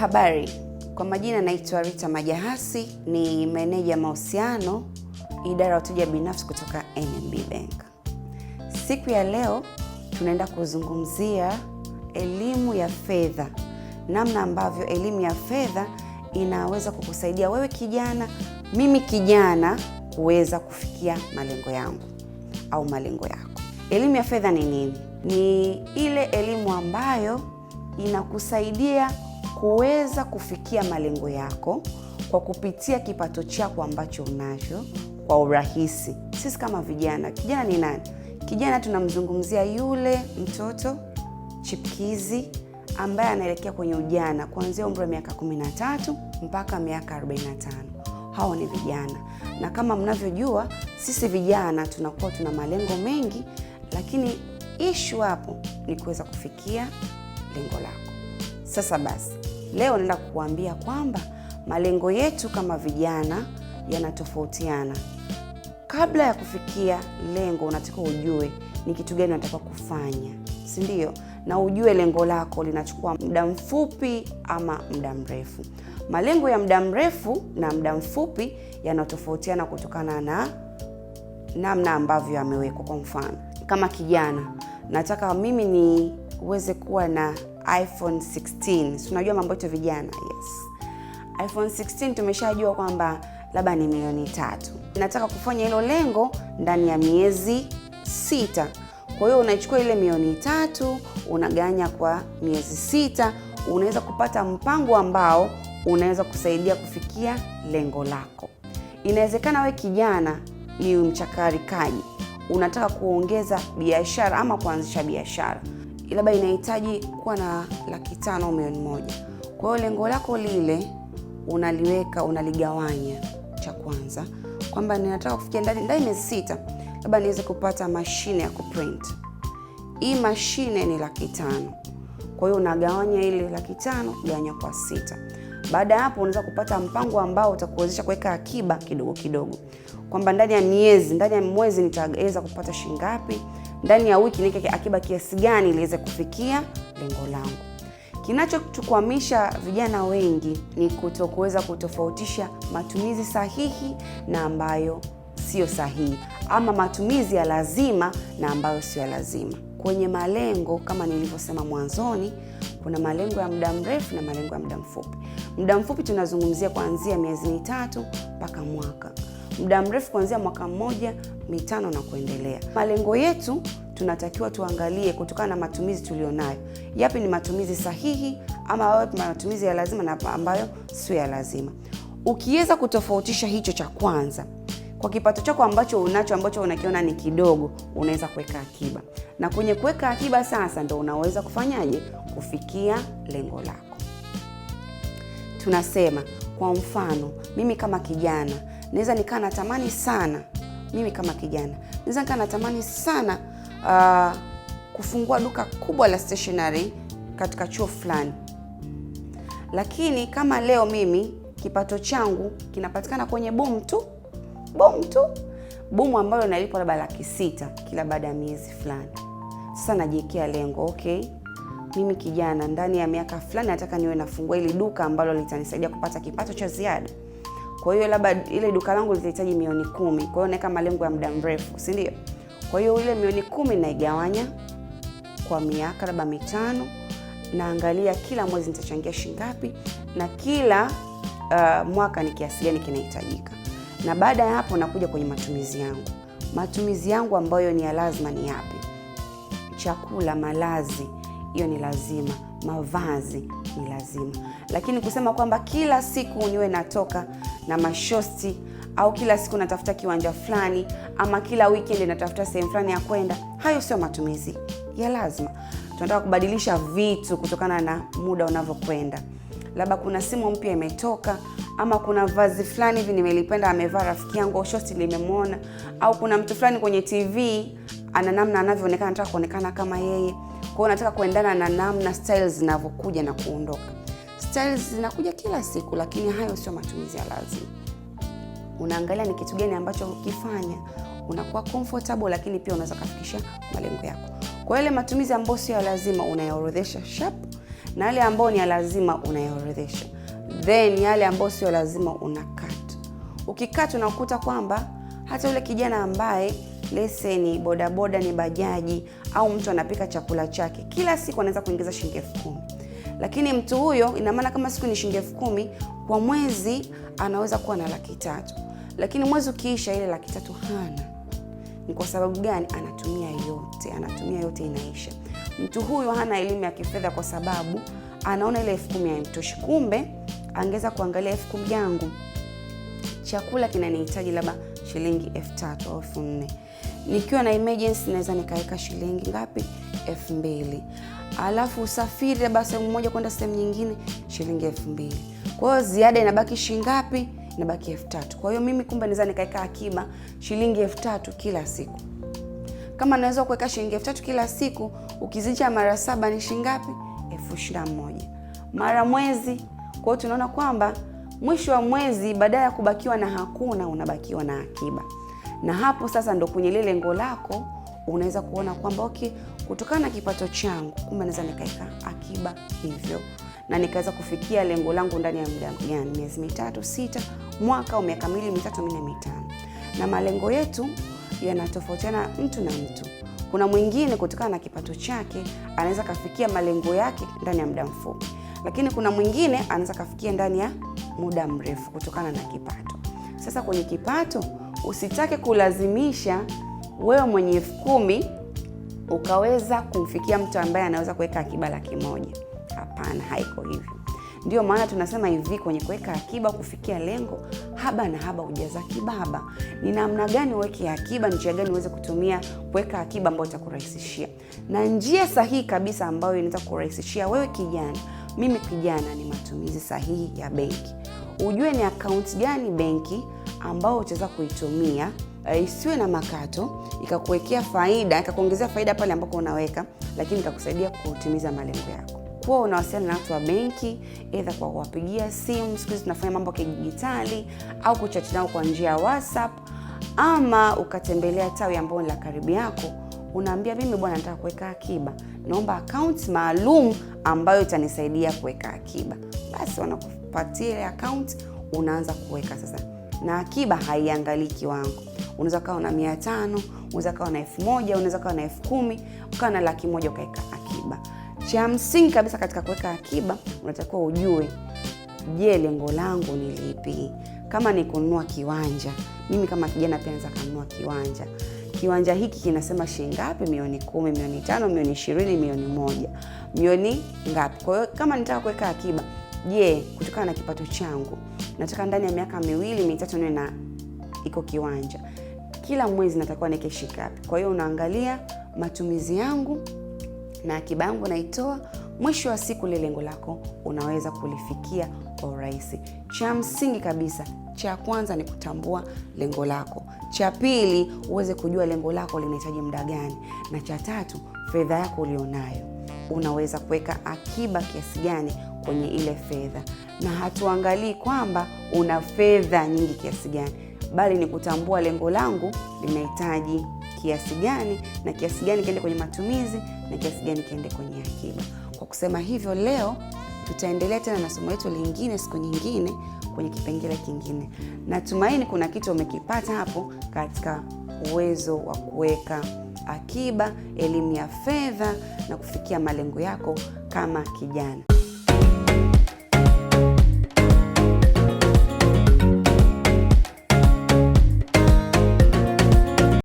Habari, kwa majina naitwa Rita Majahasi, ni meneja mahusiano idara ya wateja binafsi kutoka NMB Bank. Siku ya leo tunaenda kuzungumzia elimu ya fedha, namna ambavyo elimu ya fedha inaweza kukusaidia wewe kijana, mimi kijana, kuweza kufikia malengo yangu au malengo yako. Elimu ya fedha ni nini? Ni ile elimu ambayo inakusaidia kuweza kufikia malengo yako kwa kupitia kipato chako ambacho unacho kwa urahisi. Sisi kama vijana, kijana ni nani? Kijana tunamzungumzia yule mtoto chipkizi ambaye anaelekea kwenye ujana kuanzia umri wa miaka 13 mpaka miaka 45. Hao ni vijana, na kama mnavyojua sisi vijana tunakuwa tuna malengo mengi, lakini ishu hapo ni kuweza kufikia lengo lako. Sasa basi, leo naenda kukuambia kwamba malengo yetu kama vijana yanatofautiana. Kabla ya kufikia lengo, unatakiwa ujue ni kitu gani unataka kufanya, si ndio? Na ujue lengo lako linachukua muda mfupi ama muda mrefu. Malengo ya muda mrefu na muda mfupi yanatofautiana kutokana na namna ambavyo yamewekwa. Kwa mfano, kama kijana nataka mimi niweze kuwa na iPhone 16. Si unajua mambo yetu vijana, yes. iPhone 16 tumeshajua kwamba labda ni milioni tatu. Nataka kufanya hilo lengo ndani ya miezi sita. Kwa hiyo unachukua ile milioni tatu unaganya kwa miezi sita, unaweza kupata mpango ambao unaweza kusaidia kufikia lengo lako. Inawezekana we kijana ni mchakarikaji, unataka kuongeza biashara ama kuanzisha biashara labda inahitaji kuwa na laki tano au milioni moja. Kwa hiyo lengo lako lile unaliweka, unaligawanya cha kwanza kwamba ninataka kufikia ndani ndani miezi sita labda niweze kupata mashine ya kuprint. Hii mashine ni laki tano. Kwa hiyo unagawanya ile laki tano gawanya kwa sita. Baada ya hapo unaweza kupata mpango ambao utakuwezesha kuweka akiba kidogo kidogo, kwamba ndani ya miezi ndani ya mwezi nitaweza kupata shilingi ngapi, ndani ya wiki niweke akiba kiasi gani iliweze kufikia lengo langu. Kinachotukwamisha vijana wengi ni kutokuweza kutofautisha matumizi sahihi na ambayo siyo sahihi, ama matumizi ya lazima na ambayo sio ya lazima. Kwenye malengo, kama nilivyosema mwanzoni, kuna malengo ya muda mrefu na malengo ya muda mfupi. Muda mfupi tunazungumzia kuanzia miezi mitatu mpaka mwaka muda mrefu kuanzia mwaka mmoja, mitano na kuendelea. Malengo yetu tunatakiwa tuangalie kutokana na matumizi tulionayo, yapi ni matumizi sahihi ama yapi matumizi ya lazima na ambayo sio ya lazima. Ukiweza kutofautisha hicho cha kwanza kwa kipato chako ambacho unacho ambacho unakiona ni kidogo, unaweza kuweka akiba, na kwenye kuweka akiba sasa ndo unaweza kufanyaje kufikia lengo lako. Tunasema kwa mfano, mimi kama kijana naweza nikaa natamani sana mimi kama kijana naweza nikaa natamani sana uh, kufungua duka kubwa la stationery katika chuo fulani, lakini kama leo mimi kipato changu kinapatikana kwenye bomu tu bomu tu bomu ambayo nalipo labda laki sita kila baada ya miezi fulani. Sasa najiwekea lengo, okay, mimi kijana, ndani ya miaka fulani nataka niwe nafungua hili duka ambalo litanisaidia kupata kipato cha ziada. Kwa hiyo labda ile duka langu litahitaji milioni kumi, kwa hiyo naweka malengo ya muda mrefu, si ndio? Kwa hiyo ile milioni kumi naigawanya kwa miaka labda mitano, naangalia kila mwezi nitachangia shingapi na kila uh, mwaka ni kiasi gani kinahitajika, na baada ya hapo nakuja kwenye matumizi yangu. Matumizi yangu ambayo ni ya lazima ni yapi? Chakula, malazi, hiyo ni lazima, mavazi ni lazima, lakini kusema kwamba kila siku niwe natoka na mashosti au kila siku natafuta kiwanja fulani ama kila weekend natafuta sehemu fulani ya kwenda, hayo sio matumizi ya lazima. Tunataka kubadilisha vitu kutokana na muda unavyokwenda. Labda kuna simu mpya imetoka, ama kuna vazi fulani hivi nimelipenda, amevaa rafiki yangu shosti limemwona, au kuna mtu fulani kwenye TV ana namna anavyoonekana, nataka kuonekana kama yeye. Kwa hiyo nataka kuendana na namna styles zinavyokuja na kuondoka. Styles zinakuja kila siku, lakini hayo sio matumizi ya lazima. Unaangalia ni kitu gani ambacho ukifanya unakuwa comfortable, lakini pia unaweza kufikisha malengo yako. Kwa yale matumizi ambayo sio ya lazima unayaorodhesha sharp, na yale ambayo ni ya lazima unayaorodhesha, then yale ambayo sio lazima unakat. Ukikat unakuta kwamba hata yule kijana ambaye lese ni bodaboda, ni bajaji au mtu anapika chakula chake, kila siku anaweza kuingiza shilingi elfu kumi lakini mtu huyo, ina maana kama siku ni shilingi elfu kumi kwa mwezi anaweza kuwa na laki tatu lakini mwezi ukiisha, ile laki tatu hana. Ni kwa sababu gani? Anatumia yote, anatumia yote, inaisha. Mtu huyo hana elimu ya kifedha, kwa sababu anaona ile elfu kumi haimtoshi. Kumbe angeweza kuangalia, elfu kumi yangu chakula kinanihitaji labda shilingi elfu tatu au elfu nne nikiwa na emergency naweza nikaweka shilingi ngapi? elfu mbili. Alafu usafiri labda sehemu moja kwenda sehemu nyingine shilingi elfu mbili. Kwa hiyo ziada inabaki shilingi ngapi? Inabaki elfu tatu. Kwa hiyo mimi kumbe naweza nikaweka akiba shilingi elfu tatu kila siku. Kama naweza kuweka shilingi elfu tatu kila siku, ukizija mara saba ni shilingi ngapi? elfu ishirini na moja mara mwezi. Kwa hiyo tunaona kwamba mwisho wa mwezi, badala ya kubakiwa na hakuna, unabakiwa na akiba na hapo sasa ndo kwenye lile lengo lako unaweza kuona kwamba okay, kutokana na kipato changu kumbe naweza nikaweka akiba hivyo na nikaweza kufikia lengo langu ndani ya muda gani? Miezi mitatu, sita, mwaka au miaka miwili mitatu, minne, mitano. Na malengo yetu yanatofautiana mtu na mtu. Kuna mwingine kutokana na kipato chake anaweza kafikia malengo yake ndani ya muda mfupi, lakini kuna mwingine anaweza kafikia ndani ya muda mrefu kutokana na kipato. Sasa kwenye kipato usitake kulazimisha wewe mwenye elfu kumi ukaweza kumfikia mtu ambaye anaweza kuweka akiba laki moja. Hapana, haiko hivyo. ndio maana tunasema hivi kwenye kuweka akiba, kufikia lengo, haba na haba ujaza kibaba. Ni namna gani uweke akiba, njia gani uweze kutumia kuweka akiba ambayo itakurahisishia, na njia sahihi kabisa ambayo inaweza kurahisishia wewe kijana, mimi kijana, ni matumizi sahihi ya benki. Ujue ni akaunti gani benki ambao utaweza kuitumia uh, isiwe na makato, ikakuwekea faida, ikakuongezea faida pale ambapo unaweka, lakini ikakusaidia kutimiza malengo yako. Kuwa unawasiliana na watu wa benki aidha kwa kuwapigia simu, siku hizi tunafanya mambo ya kidijitali, au kuchati nao kwa njia ya WhatsApp, ama ukatembelea tawi ambao ni la karibu yako, unaambia mimi bwana, nataka kuweka akiba, naomba akaunti maalum ambayo itanisaidia kuweka akiba. Basi wanakupatia ile akaunti, unaanza kuweka sasa na akiba haiangalii kiwango. Unaweza ukawa na mia tano, unaweza ukawa na elfu moja, unaweza ukawa na elfu kumi, ukawa na laki moja ukaweka akiba. Cha msingi kabisa katika kuweka akiba, unatakiwa ujue, je, lengo langu ni lipi? Kama ni kununua kiwanja, mimi kama kijana pia naweza kanunua kiwanja kiwanja hiki kinasema shilingi ngapi? Milioni kumi, milioni tano, milioni ishirini, milioni moja, milioni ngapi? Kwa hiyo kama nitaka kuweka akiba, je, kutokana na kipato changu nataka ndani ya miaka miwili mitatu niwe na iko kiwanja, kila mwezi natakuwa niweke shikapi. Kwa hiyo unaangalia matumizi yangu na akiba yangu naitoa, mwisho wa siku lile lengo lako unaweza kulifikia kwa urahisi. Cha msingi kabisa cha kwanza ni kutambua lengo lako, cha pili uweze kujua lengo lako linahitaji muda gani, na cha tatu fedha yako ulionayo unaweza kuweka akiba kiasi gani kwenye ile fedha, na hatuangalii kwamba una fedha nyingi kiasi gani, bali ni kutambua lengo langu linahitaji kiasi gani, na kiasi gani kiende kwenye matumizi na kiasi gani kiende kwenye akiba. Kwa kusema hivyo, leo tutaendelea tena na somo letu lingine siku nyingine kwenye kipengele kingine. Natumaini kuna kitu umekipata hapo katika uwezo wa kuweka akiba, elimu ya fedha na kufikia malengo yako kama kijana.